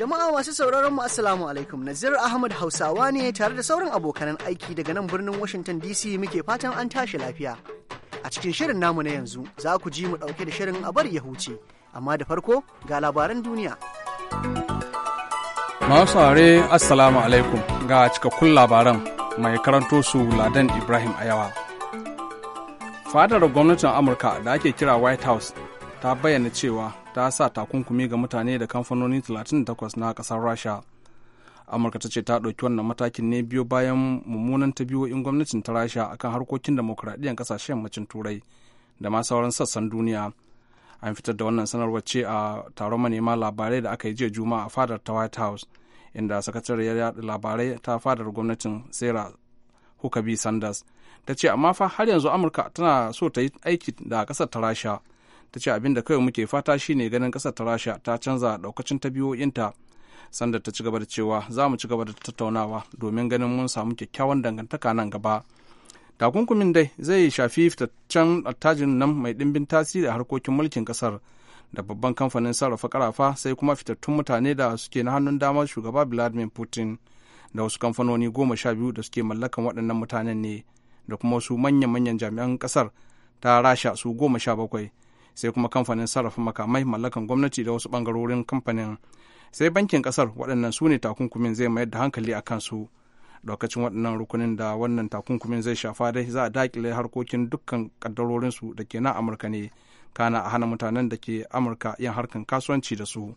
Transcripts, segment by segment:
Jama'a masu sauraron mu Assalamu alaikum Nazir Ahmad Hausawa ne tare da sauran abokan aiki daga nan birnin Washington DC muke fatan an tashi lafiya. A cikin shirin namu na yanzu za ku ji mu ɗauke da shirin a ya huce, amma da farko ga labaran duniya. Masu saurare Assalamu alaikum ga cikakkun labaran mai karanto su Ladan Ibrahim Ayawa. Fadar gwamnatin Amurka da ake kira White House ta bayyana cewa ta sa takunkumi ga mutane da kamfanoni 38 na kasar rasha amurka ta ce ta ɗauki wannan matakin ne biyo bayan mummunan ta biyo in gwamnatin ta rasha akan harkokin demokuraɗiyyar ƙasashen yammacin turai da ma sauran sassan duniya an fitar da wannan sanarwar ce a taron manema labarai da aka yi jiya juma'a a fadar ta white house inda sakatariyar yaɗa labarai ta fadar gwamnatin sarah hukabi sanders ta ce amma fa har yanzu amurka tana so ta yi aiki da ƙasar ta rasha ta ce abin da kawai muke fata shi ne ganin ƙasar ta rasha ta canza daukacin inta sanda ta ci gaba da cewa za mu ci gaba da tattaunawa domin ganin mun samu kyakkyawan dangantaka nan gaba takunkumin dai zai shafi fitaccen attajin nan mai ɗimbin tasiri a harkokin mulkin ƙasar da babban kamfanin sarrafa karafa sai kuma fitattun mutane da suke na hannun damar shugaba vladimir putin da wasu kamfanoni goma sha biyu da suke mallakan waɗannan mutanen ne da kuma wasu manyan-manyan jami'an ƙasar ta rasha su goma sha bakwai sai kuma kamfanin sarrafa makamai mallakan gwamnati da wasu bangarorin kamfanin sai bankin kasar waɗannan su ne takunkumin zai mayar da hankali a kansu lokacin waɗannan rukunin da wannan takunkumin zai shafa dai za a dakile harkokin dukkan kaddarorinsu da ke na amurka ne kana a hana mutanen da ke amurka yin harkan kasuwanci da su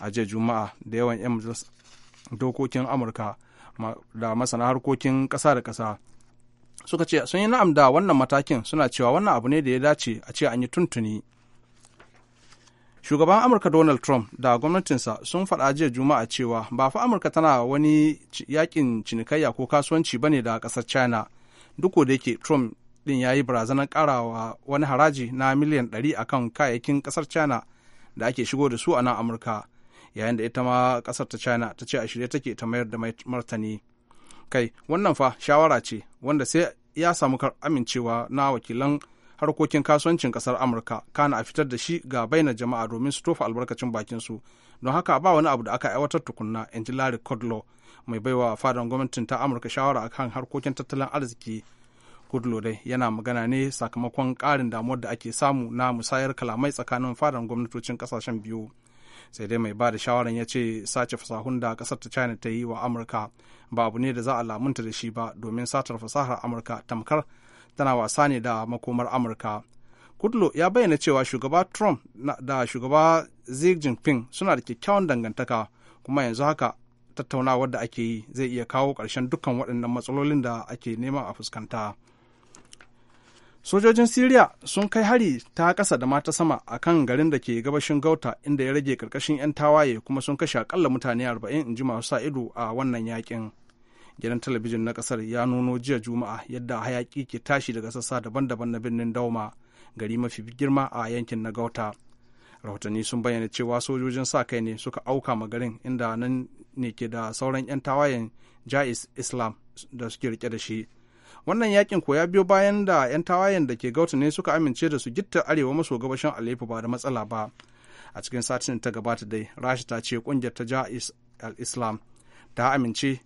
a jiya juma'a da yawan 'yan dokokin amurka da masana harkokin ƙasa da ƙasa suka ce sun yi na'am da wannan matakin suna cewa wannan abu ne da ya dace a ce an yi tuntuni shugaban amurka donald trump da gwamnatinsa sun faɗa jiya juma'a cewa ba fa amurka tana wani yakin cinikayya ko kasuwanci bane da ƙasar china duk da yake trump din ya yi barazanar karawa wani haraji na miliyan 100 akan kayayyakin ƙasar china da ake shigo da su a nan amurka yayin da ita ma kasar ta china ta ce a shirye take ta mayar da martani kai wannan fa shawara ce wanda sai ya samu amincewa na wakilan harkokin kasuwancin kasar amurka kana a fitar da shi ga baina jama'a domin su tofa albarkacin bakin su don haka ba wani abu da aka aiwatar tukunna in ji larry kudlow mai baiwa fadan gwamnatin ta amurka shawara akan harkokin tattalin arziki kudlow dai yana magana ne sakamakon karin damuwar da ake samu na musayar kalamai tsakanin fadan gwamnatocin kasashen biyu sai dai mai ba da shawaran ya ce sace fasahun da kasar ta china ta yi wa amurka ba abu ne da za a lamunta da shi ba domin satar fasahar amurka tamkar tana wasa ne da makomar amurka kudlo ya bayyana cewa shugaba trump da shugaba xi jinping suna da kyakkyawan dangantaka kuma yanzu haka tattaunawar da ake yi zai iya kawo ƙarshen dukkan waɗannan matsalolin da ake nema a fuskanta. sojojin siriya sun kai hari ta ƙasa da mata sama a kan garin da ke gabashin gauta inda ya rage ƙarƙashin 'yan tawaye kuma sun kashe akalla mutane 40 in ji masu sa ido a wannan yakin gidan talabijin na ƙasar ya nuno jiya juma'a yadda hayaƙi ke tashi daga sassa daban-daban na birnin dauma gari mafi girma a yankin na gauta rahotanni sun bayyana cewa sojojin sa kai ne suka auka ma garin inda nan ne ke da sauran 'yan tawayen jais islam da suke rike da shi wannan yakin ko ya biyo bayan da 'yan tawayen da ke gauta ne suka amince da su gitta arewa maso gabashin alepo ba da matsala ba a cikin satin ta gabata dai rasha ta ce kungiyar ta ja islam ta amince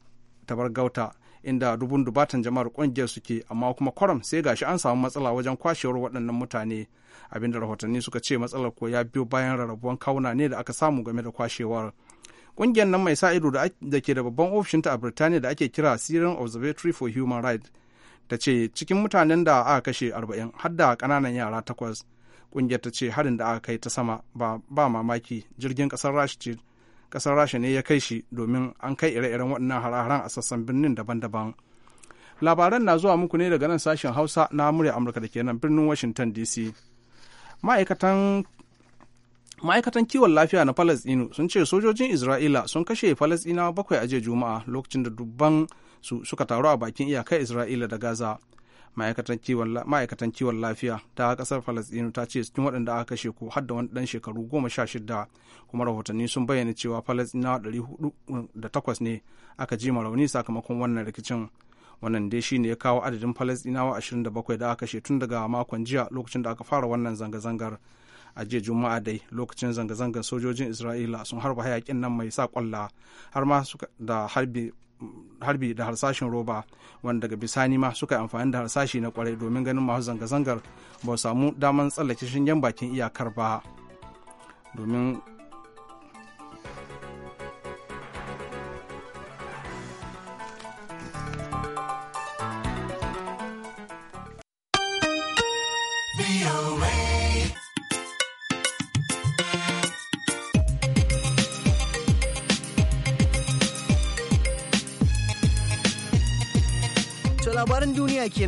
ta bar gauta inda dubun dubatan jama'ar kungiyar suke amma kuma kwaram sai gashi an samu matsala wajen kwashewar waɗannan mutane abinda rahotanni suka ce matsalar ko ya biyo bayan rarrabuwan kauna ne da aka samu game da kwashewar kungiyar nan mai sa ido da ke da babban ofishinta a birtaniya da ake kira sirin observatory for human rights ta ce cikin mutanen da aka kashe arba'in har da ƙananan yara takwas ƙungiyar ta ce harin da aka kai ta sama ba, mamaki jirgin ƙasar rashi ƙasar rashi ne ya kai shi domin an kai ire-iren waɗannan hare-haren a sassan birnin daban-daban labaran na zuwa muku ne daga nan sashen hausa na murya amurka da ke nan birnin washington dc ma'aikatan kiwon lafiya na falasɗinu sun ce sojojin isra'ila sun kashe falasɗinawa bakwai a jiya juma'a lokacin da dubban su suka taru a bakin iyakar isra'ila da gaza ma'aikatan kiwon lafiya ta kasar falastinu ta ce cikin waɗanda aka kashe ko har da wani ɗan shekaru goma sha shida kuma rahotanni sun bayyana cewa falastinawa ɗari hudu mm, da takwas ne aka ji rauni sakamakon wannan rikicin wannan dai ne ya kawo adadin falastinawa ashirin da bakwai da aka kashe tun daga makon jiya lokacin da aka fara wannan zanga-zangar a jiya juma'a dai lokacin zanga-zangar sojojin isra'ila sun harba hayakin nan mai sa kwalla har ma da harbi harbi da harsashin roba wanda daga bisani ma suka yi amfani da harsashi na kwarai domin ganin masu zanga-zangar ba samu damar tsallake shingen bakin iyakar ba domin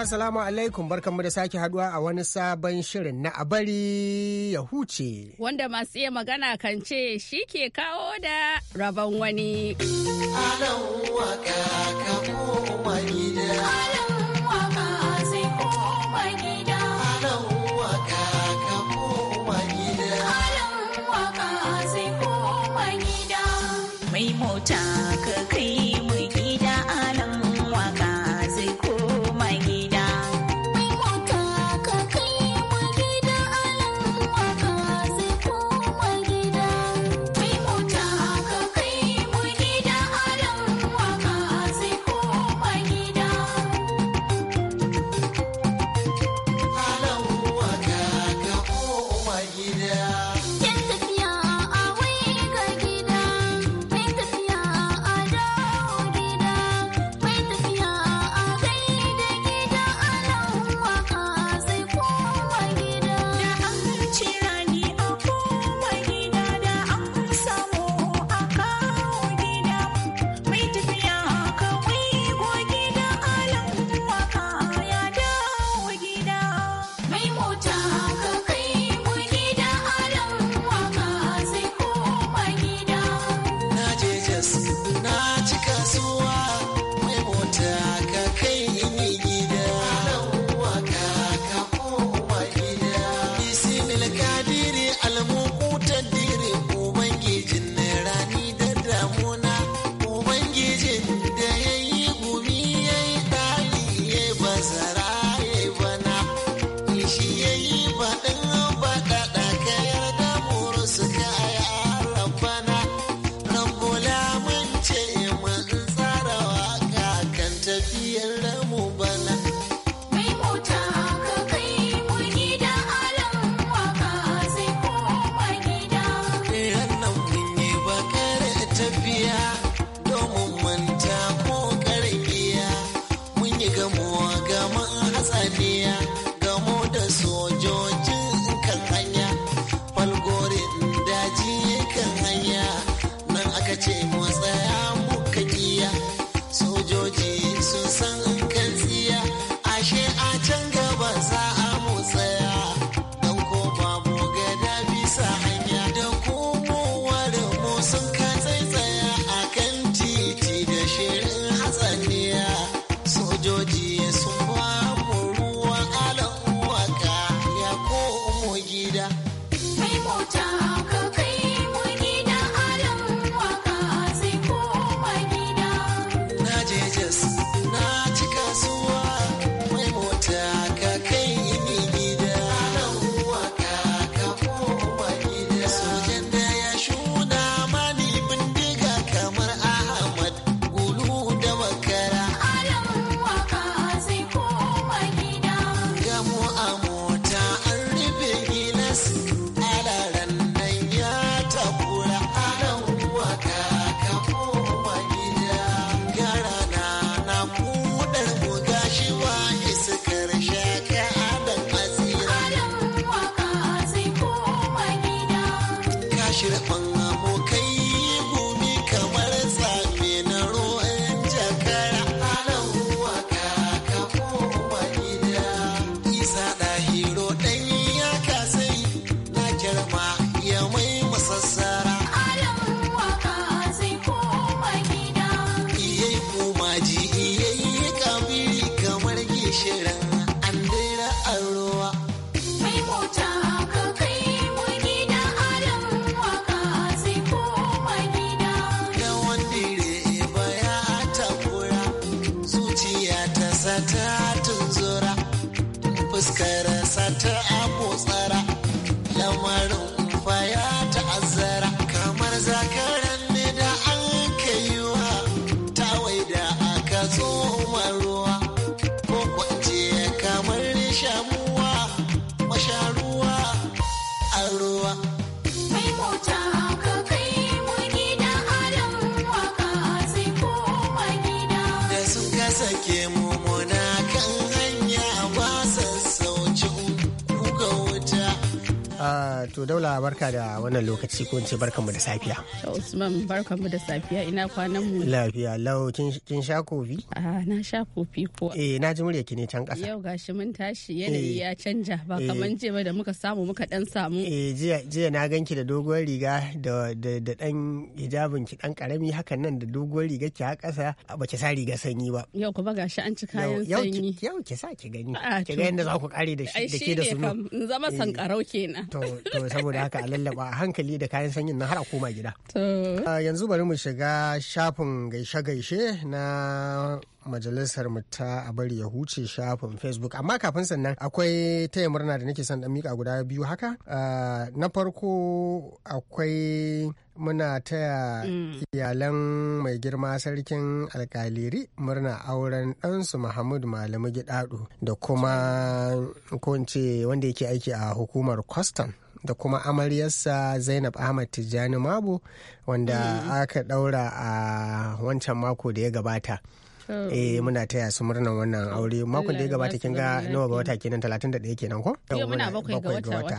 jama'a salamu alaikum barkanmu da sake haduwa a wani sabon shirin na abari ya huce. Wanda masu iya magana kan ce shi ke kawo da rabon wani. Alan waka ka koma gida. Alan waka koma gida. to To daula barka da wannan lokaci ko ce barkan mu da safiya. Usman barkan mu da safiya ina kwanan mu. Lafiya lau kin sha kofi? Ah na sha kofi ko. Eh na ji murya ki ne can kasa. Yau gashi mun tashi yanayi eh. ya canja ba eh. kaman jiya ba da muka samu muka dan samu. Eh jiya jiya na ganki da doguwar riga da da dan hijabin ki dan karami hakan nan da doguwar riga ki ha kasa ah, ba ki sa riga sanyi ba. Yau kuma gashi an ci kayan sanyi. Yau ki sa ki gani. Ah, ki ga yadda za ku kare da shi da ke da su. Zama eh. sankarau kenan. To to saboda haka a lallaba a hankali da kayan sanyin na har a koma gida ah, yanzu bari mu shiga shafin gaishe-gaishe na majalisar mu ta a bari ya huce shafin facebook amma kafin sannan akwai taya murna da nake son dan mika guda biyu haka ah, na farko akwai muna taya mm. iyalan mai girma sarkin alkaliri murna auren ɗansu Muhammadu Malamu Gidado da kuma ko wanda yake aiki a hukumar custom da kuma amaryarsa zainab ahmad tijjani mabu wanda mm. aka daura a wancan mako da ya gabata Oh. eh muna taya su murnan wannan aure makon da ya gabata kin ga nawa ga wata kenan 31 kenan ko yau muna bakwai ga wata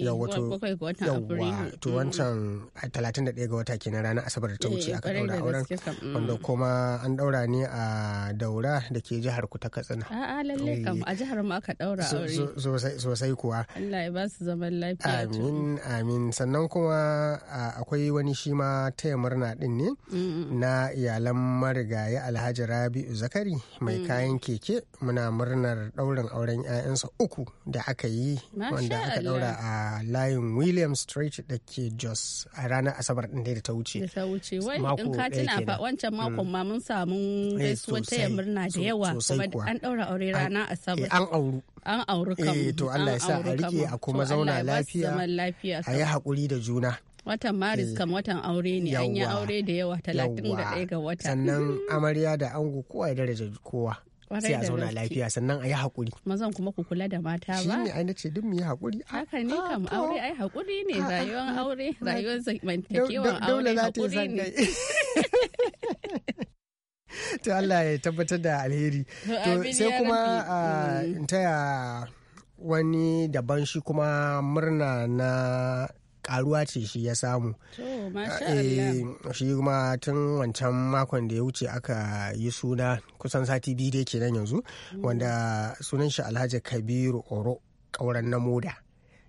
yau wato eh, yauwa to mm-hmm. wancan 31 ga wata kenan ranar asabar da ta wuce eh, aka daura auren mm. wanda kuma an daura ne a daura da ke jihar ku ta katsina a'a lalle eh. kam a jihar mu aka daura aure sosai kuwa Allah ya ba su zaman lafiya amin amin sannan kuma akwai wani shi ma taya murna din ne na iyalan marigayi alhaji rabi rabi'u zakari mai mm. kayan keke muna murnar ɗaurin auren 'ya'yansa uku da aka yi wanda aka ɗaura a layin william street da ke jos a ranar asabar ɗin da ta wuce da ta wuce wai in ka na fa wancan mm. makon ma mun samu ta eh, taya murna da yawa kuma an ɗaura aure ranar asabar eh, an auru an auru kan eh, to Allah ya sa a rike a kuma zauna lafiya a yi haƙuri da juna watan maris eh. kam watan aure ne an yi aure da yawa talatin da ɗaya ga wata sannan amarya da ango kowa ya daraja kowa sai a zauna lafiya sannan a yi haƙuri mazan kuma ku kula da mata ba shi ne ai nace duk mu yi haƙuri ah, haka ne ah, kam aure ai haƙuri ne ah, rayuwar aure rayuwar zamantakewar aure haƙuri ne to Allah ya tabbatar da alheri to sai kuma in taya wani daban shi kuma murna na karuwa ce shi ya samu eh, shi kuma tun wancan makon da ya wuce aka yi suna kusan sati biyu da ke nan yanzu hmm. wanda sunan shi alhaji kabiru oro kauran na moda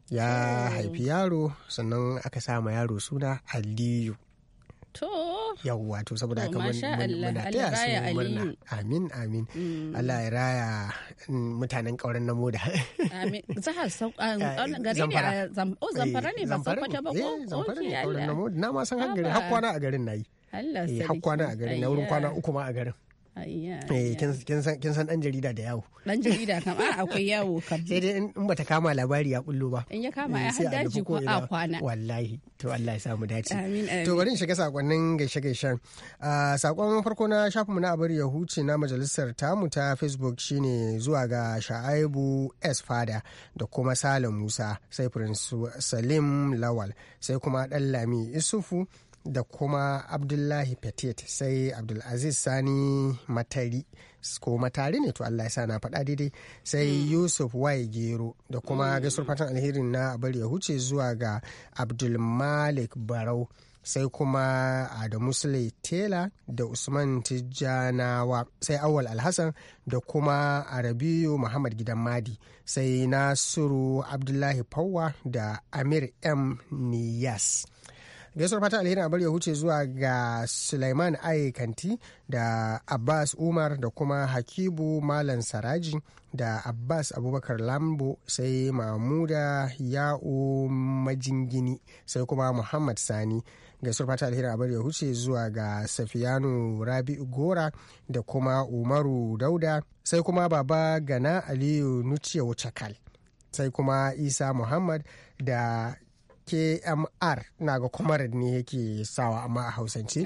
ya haifi yaro sannan aka sa ma yaro suna aliyu To. Yawwa to saboda haka muna taya su murna. Amin amin. Mm. Allah ya raya mm, mutanen ƙauren na moda. Amin. Zahar um, eh, gari ne a eh, oh, Zamfara ne ba eh, Sokoto ba ko? Zamfara ne ƙauren na moda. Na ma san har gari har kwana a garin na yi. Allah sarki. Har kwana a garin na wurin kwana uku ma a garin. Ah, eh, kin san dan jarida da yawo dan jarida kam a ah, akwai yawo kam sai dai in bata kama labari ya kullo ba in ya kama ya eh, har daji ko a kwana wallahi to Allah ya samu dace to bari in shiga sakonnin gaishe gaishen ah, sakon farko na shafin mu na abar ya huce na majalisar tamu ta Facebook shine zuwa ga Sha'aibu S Fada da kuma Salim Musa sai Prince Salim Lawal sai kuma Dallami Isufu da kuma abdullahi petit sai abdulaziz sani matari ko matari ne to allah ya sa na faɗa daidai sai hmm. yusuf y gero da kuma mm. gaisuwar fatan alherin na bari ya huce zuwa ga abdulmalik barau sai kuma adamu sule tela da usman tijjanawa sai awal alhassan da kuma arabiyu muhammad gidan madi sai nasiru abdullahi fawwa da amir m niyas gaisuwar fata alheri a ya huce zuwa ga suleiman Ai Kanti da Abbas Umar da kuma Hakibu Malam Saraji da Abbas Abubakar Lambo sai Mamuda Ya'u Majingini sai kuma Muhammad Sani gaisuwar fata alheri a ya huce zuwa ga Safiyanu Rabi'u Gora da kuma Umaru Dauda sai kuma Baba Gana Aliyu Nuciya Wucakal sai kuma Isa Muhammad da kmr na ga kwamarar ne yake sawa amma a hausance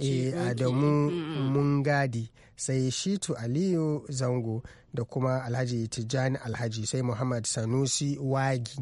e adamu mun gadi sai shitu aliyu zango da kuma alhaji tijjani alhaji sai muhammad sanusi wagi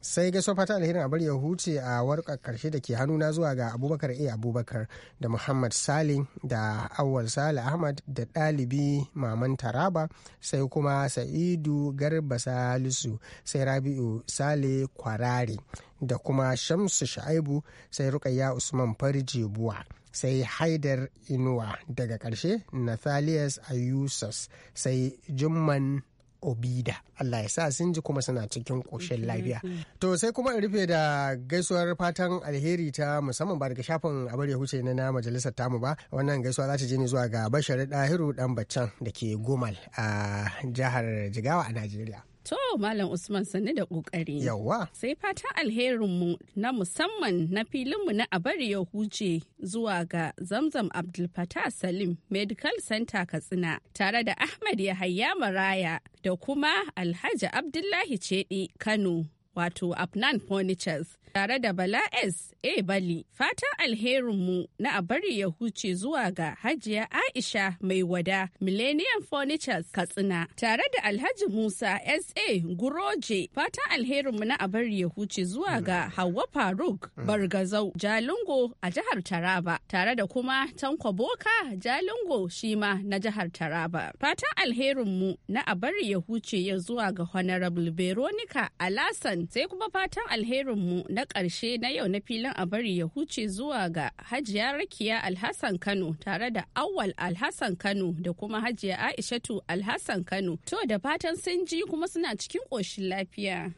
sai gaso fata alherin abar ya huce a warkar karshe da ke hannuna zuwa ga abubakar a abubakar da muhammad salim da awal sale ahmad da ɗalibi maman taraba sai kuma sa'idu garba salisu sai rabi'u sale kwarare da kuma shamsu shaibu sai rukayya usman farji buwa sai haidar inuwa daga ƙarshe nathalias ayusas sai jumman obida Allah ya sa sun ji kuma suna cikin ƙoshin lafiya to sai kuma in rufe da gaisuwar fatan alheri ta musamman ba daga shafin abar ya huce na majalisar tamu ba wannan gaisuwa za ta je ne zuwa ga bashar dahiru dan baccan da ke gomal a jihar jigawa a najeriya To Malam Usman sani da ƙoƙari. Yawwa. Sai fatan alherinmu na musamman na filinmu na abar ya huce zuwa ga Zamzam Abdul Fattah Salim Medical Center Katsina tare da Ahmad Yahaya Maraya da kuma Alhaji Abdullahi Cedi Kano wato apnan Furnitures tare da Bala S. A. Bali. Fatan alherinmu na a bari ya huce zuwa ga Hajiya Aisha mai wada Millennium Furnitures Katsina tare da Alhaji Musa S. A. Guroje. Fatan alherinmu na a bari ya huce zuwa ga Hauwa Faruk Bargazau Jalingo a jihar Taraba tare da kuma Tanko Boka Jalingo shima na jihar Taraba. Fatan alherinmu na a bari ya huce ya zuwa ga Honorable Veronica Alasan Sai kuma fatan alherinmu na ƙarshe na yau na filin a bari ya huce zuwa ga Hajiya Rakiya Alhassan Kano tare da awal Alhassan Kano da kuma Hajiya Aishatu Alhassan Kano. To da fatan sun ji kuma suna cikin ƙoshin lafiya.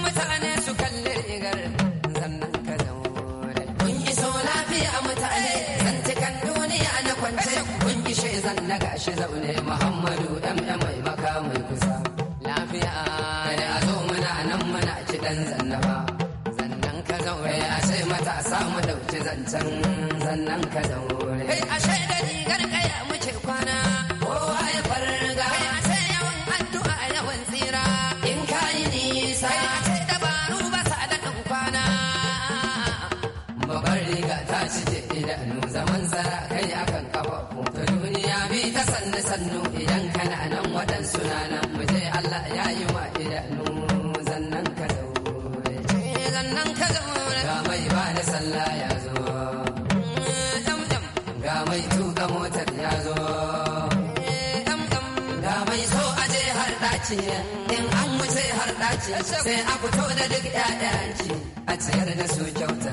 mutane su zannan ka kun iso lafiya mutane na kwance kun ishe gashi zaune muhammadu ɗan. za kusa lafiya da a zo muna nan muna ci dan zannaba zannan ka zaure sai matasa samu dauki zancen zannan ka zaure in an wuce har daci sai a fito da duk ƴaƴanci a tsayar da su kyauta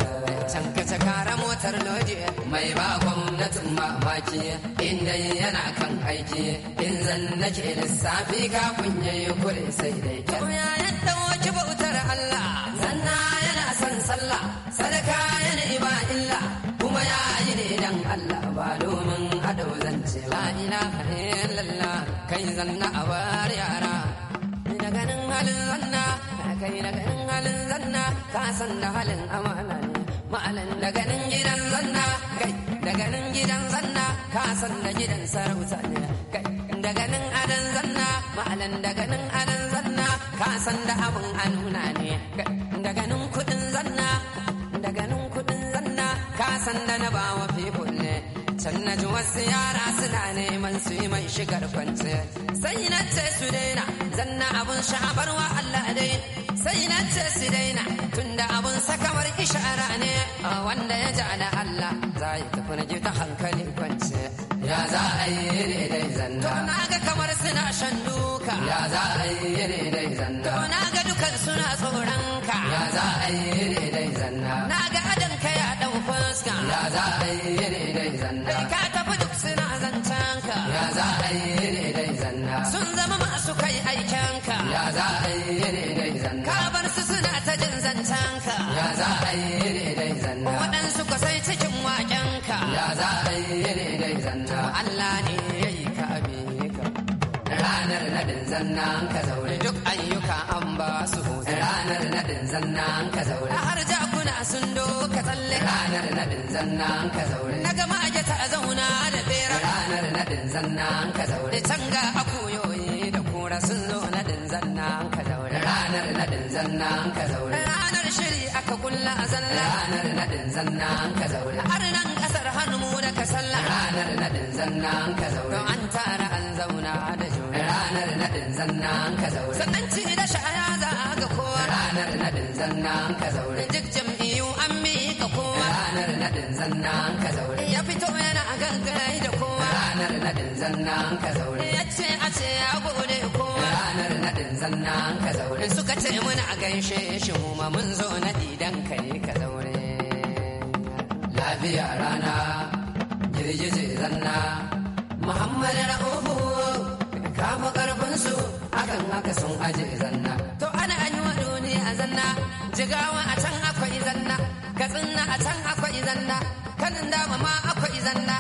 can kace motar lodi mai ba gwamnatin mamaki inda yana kan aiki in zan nake lissafi kafin yayi kure sai dai kyau ya yadda wace bautar Allah zanna yana son sallah sadaka yana iba illa kuma ya yi ne dan Allah ba domin adau zance la ilaha illallah kai zanna a bar yara halin zanna kai da ganin halin zanna ka san da halin amana ne ma'alan da ganin gidan zanna kai da ganin gidan zanna ka san da gidan sarauta ne kai da ganin adan zanna ma'alan da ganin adan zanna ka san da abun anuna ne da ganin kudin zanna da ganin kudin zanna ka san da na bawa fikun ne can na ji wasu yara suna neman su yi mai shigar kwance sai na ce su daina zanna abun sha'abarwa Allah dai sai na ce su daina tunda abun sakamar ishara ne wanda ya ji ala Allah za yi tafi na ta hankali kwance ya za a yi ne dai zanna to na ga kamar suna shan duka ya za a yi ne dai zanna to na ga dukan suna tsoron ka ya za a yi ne dai zanna na ga adan ka ya dau fuska ya za a yi ne dai zanna ya za a yi ne dai zanna ka bar su suna ta jin zancen ka ya za a yi ne dai zanna waɗansu ko sai cikin waken ka ya za a yi ne dai zanna Allah ne ya yi ka abe ka ranar nadin zanna ka zaure duk ayyuka an ba su ranar nadin zanna ka zaure har jakuna sun doka tsalle ranar nadin zanna ka zaure na gama ajata a zauna da bera ranar nadin zanna ka zaure can ga akuyoyi da kura sun zo na nadin zanna ka zaure. Ranar shiri aka kulla a zalla. Ranar nadin zanna ka zaure. Har nan kasar hannu na ka salla. Ranar nadin zanna ka zaure. Don an tara an zauna da juna. Ranar nadin zanna ka zaure. Sannan ci da shaya za a ga kowa. Ranar nadin zanna ka zaure. Duk jam'iyyu an ka kowa. Ranar nadin zanna ka zaure. Ya fito yana a gangare. naɗin zanna an ka zaure. Ya ce a ce ya gode ko. Ranar naɗin zanna an ka zaure. Suka ce muna a gaishe shi mu ma mun zo naɗi dan ka yi ka zaure. Lafiya rana girgije zanna Muhammad Ra'ufu kafa karfin su akan haka sun aje zanna. To ana an yi wa duniya zanna jigawa a can akwai zanna Katsina a can akwai zanna kanin dama ma akwai zanna.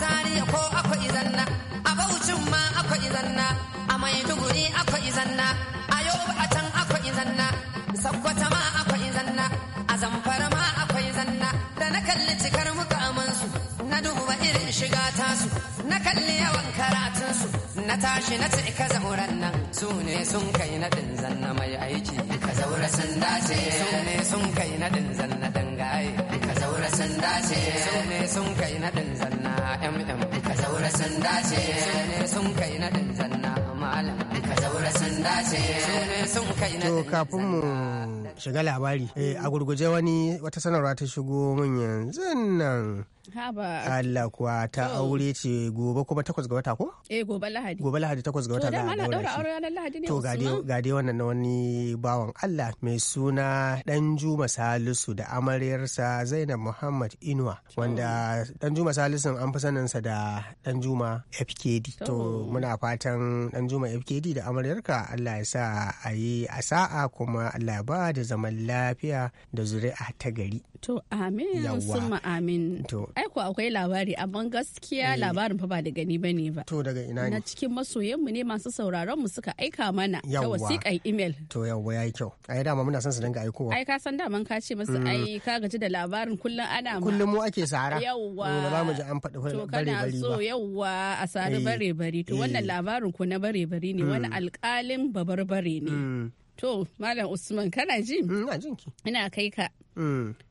zariya ko akwai izanna a baucin ma akwai izanna a maiduguri akwai izanna a yobe a can akwai izanna sakkwata ma akwai izanna a zamfara ma akwai izanna da na kalli cikar mukamansu na duba irin shiga tasu na kalli yawan karatunsu na tashi na ce ka zauren nan su ne sun kai na naɗin zanna mai aiki ka zaura sun dace su ne sun kai na naɗin zanna dangaye ka zaura sun dace sun kai naɗin zanna mm ka zaura sun dace ne sun kai naɗin zanna malam ka zaura sun dace su ne sun kai naɗin to kafin mu shiga labari eh, a gurguje wani wata sanarwa ta shigo mun yanzu nan Allah kuwa ta oh. aure ce gobe kuma takwas ga wata ko? Eh gobe Lahadi. Gobe Lahadi takwas ga wata za a daura aure ranar Lahadi ne. To ga dai wannan na wani bawan Allah mai suna juma Salisu da amaryarsa Zainab Muhammad Inuwa wanda juma Salisu an fi saninsa da Danjuma FKD. To muna fatan Danjuma FKD da amaryarka Allah ya sa a yi a sa'a kuma Allah ba da zaman lafiya da zuri'a ta gari. To amin sun ma amin. Aiko akwai labari amma gaskiya eh. labarin fa ba da gani ba ne ba. To daga ina ne? Na cikin masoyanmu ne masu sauraron mu suka aika mana ta wasiƙan email. To yawwa yi kyau. a yi dama muna son su dinga aikowa. Ai ka san daman ka ce masu ai mm. ka gaji da labarin kullum ana ma. Kullum mu ake sara. Yawwa. Ba za mu ji an faɗi bare bare ba. To kana so yawwa a sari eh. bare bare. To eh. wannan labarin ku na bare bare ne wani mm. alƙalin babar bare ne. Mm. To Malam Usman kana ji? Ina jinki. Ina kai ka.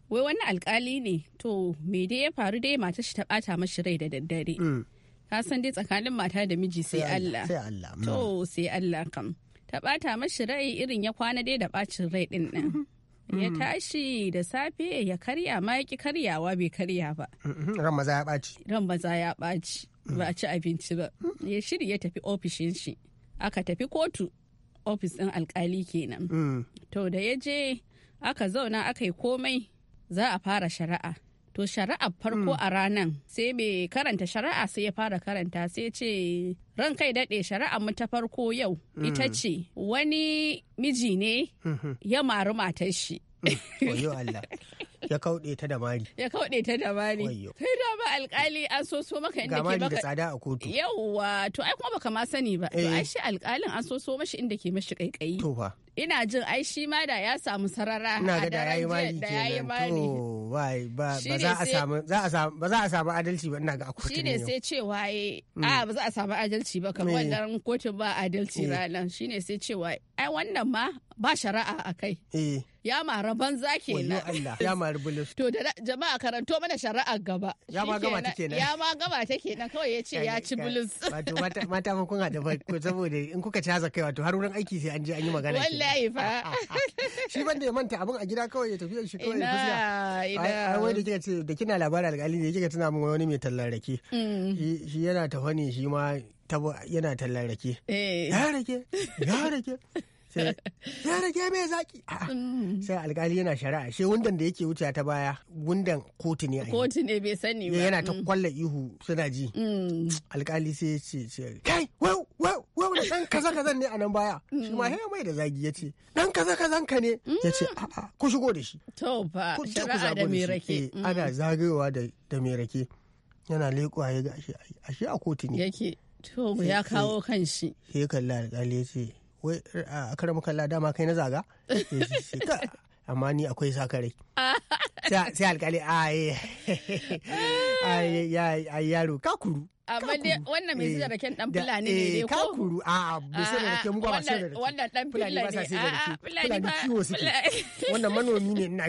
wai wani alkali ne to me dai ya faru dai matar shi ta bata mashi rai da daddare mm. ka san dai tsakanin mata da miji sai Allah mm. to sai Allah kam ta bata mashi rai irin ya kwana dai da bacin rai din nan mm-hmm. ya mm. tashi da safe ya karya ma ya ki karyawa bai karya ba mm-hmm. ran maza ya ɓaci ran maza ya ɓaci ba ci abinci ba ya shirya ya tafi ofishin shi aka tafi kotu ofis ɗin alkali kenan to da ya je aka zauna aka yi komai za a fara shari'a to shari'a farko hmm. a ranan sai mai karanta shari'a sai ya fara karanta sai ce ran kai daɗe shari'a mu ta farko yau ita hmm. ce wani miji ne hmm. ya mari matar shi ya kauɗe ta da mari ya kauɗe ta da mari kai da ba alkali an so so maka inda ke baka tsada a kotu yauwa to ai kuma baka ma sani ba to eh. ai shi alkalin an so so mashi inda ke mashi kaikayi to fa ina jin ai shi ma da ya samu sarara a daren jiya da ya yi mari ba za a samu adalci ba ina ga a kotun shine sai cewa hmm. a ba za a samu adalci ba kamar wannan kotun ba adalci hmm. ranar shine sai cewa ai wannan ma ba shari'a a kai eh. ya mara banza kenan ya mara bulus to da jama'a karanto mana shari'a gaba ya ma gaba ta kenan ya ma gaba ta kenan kawai ya ce ya ci bulus wato mata ma kun hada ba saboda in kuka ci haza kai wato har wurin aiki sai an je an yi magana wallahi yayi fa shi ban da ya manta abin a gida kawai ya tafi shi kawai ya fuska ina ina. wai da kika ce da kina labarin alƙali da kika tuna min wani mai tallar rake mm. shi yana tafa ne shi ma yana tallar rake eh. ya rake ya rake sai ya rage mai zaki ah, ah. Mm. sai alkali yana shari'a shi wundan da yake wuce ta baya wundan kotu ne kotu ne bai sani ba yana ta mm. kwalla ihu suna ji alkali sai ya ce kai wai dan kaza kazan ne a nan baya shi ma ya mm. mai da zagi ya ce dan kaza kazan ka ne mm. ya ce a'a ku shigo da shi to ba shari'a da me rake eh, mm. ana zagayowa da da me rake yana leƙuwa ya ga ashe shi a kotu ne yake to ya kawo kan shi sai kalla alƙali ya ce wai a karamu kalla dama kai na zaga amma ni akwai sa rai sai alkali a yaro kakuru amma dai raken dan kakuru a bai sai da raken eh, eh, ba sai da raken wannan dan fulani ba sai da raken fulani wannan manomi ne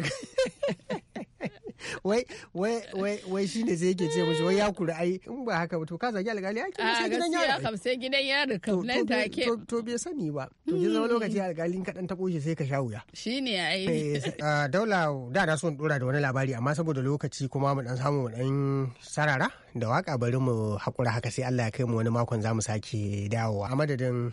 wai wai wai wai shine sai yake ce mishi wai ya kura ai in ba haka ba to ka zagi alkali ai sai gidan yaro kam sai gidan yaro kam nan take to bai sani ba to ki zama lokaci in ka dan tabo shi sai ka sha wuya shine ai eh, ah, daula da da son dora da wani labari amma saboda lokaci kuma mu dan samu mu dan sarara da waka bari mu hakura haka sai Allah ya kai mu wani makon zamu sake dawowa a madadin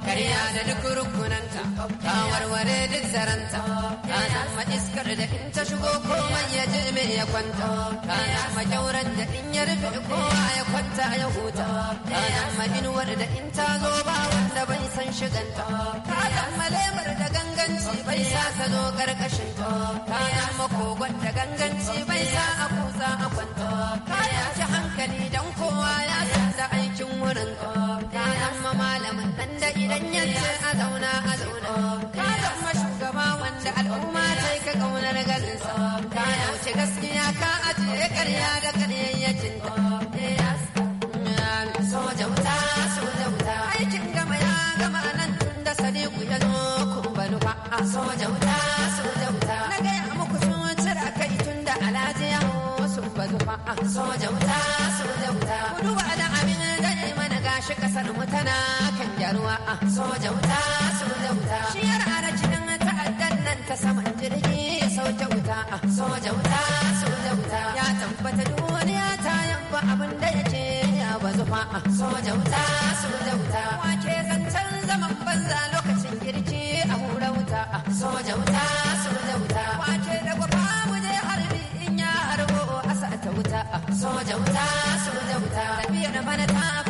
karya da duk rukunanta ta warware duk zaranta ta zama iskar da in ta shigo komai ya je me ya kwanta ta zama kyauran da in ya rufe kowa ya kwanta ya huta ta zama inuwar da in ta zo ba wanda bai san shiganta ta zama lemar da ganganci bai sa ka zo karkashin ta zama kogon da ganganci bai sa a kusa a kwanta ta yaki hankali zauna a ka zama shugaba wanda al'umma sai ka kaunar ganin sa ka dauce gaskiya ka ajiye karya da karyayyakin ta soja wuta soja wuta aikin ya gama nan tun da sadiku ya soja wuta soja wuta na gaya muku sun cira kai tun da alhaji ya sun bazu soja wuta shi kasar mu tana kan jaruwa ah, soja wuta soja wuta shiyar arajinin ta'addan nan ta saman jirgi soja wuta ah, soja wuta soja wuta ya tabbata duniya ta yabba abin da ya ce ya bazu fa ah, soja wuta soja wuta wace zancen zaman banza lokacin girki a hura wuta soja wuta soja wuta wace da gwafa mu je harbi in ya harbo a sa ta wuta soja wuta soja wuta tafiyar mana ta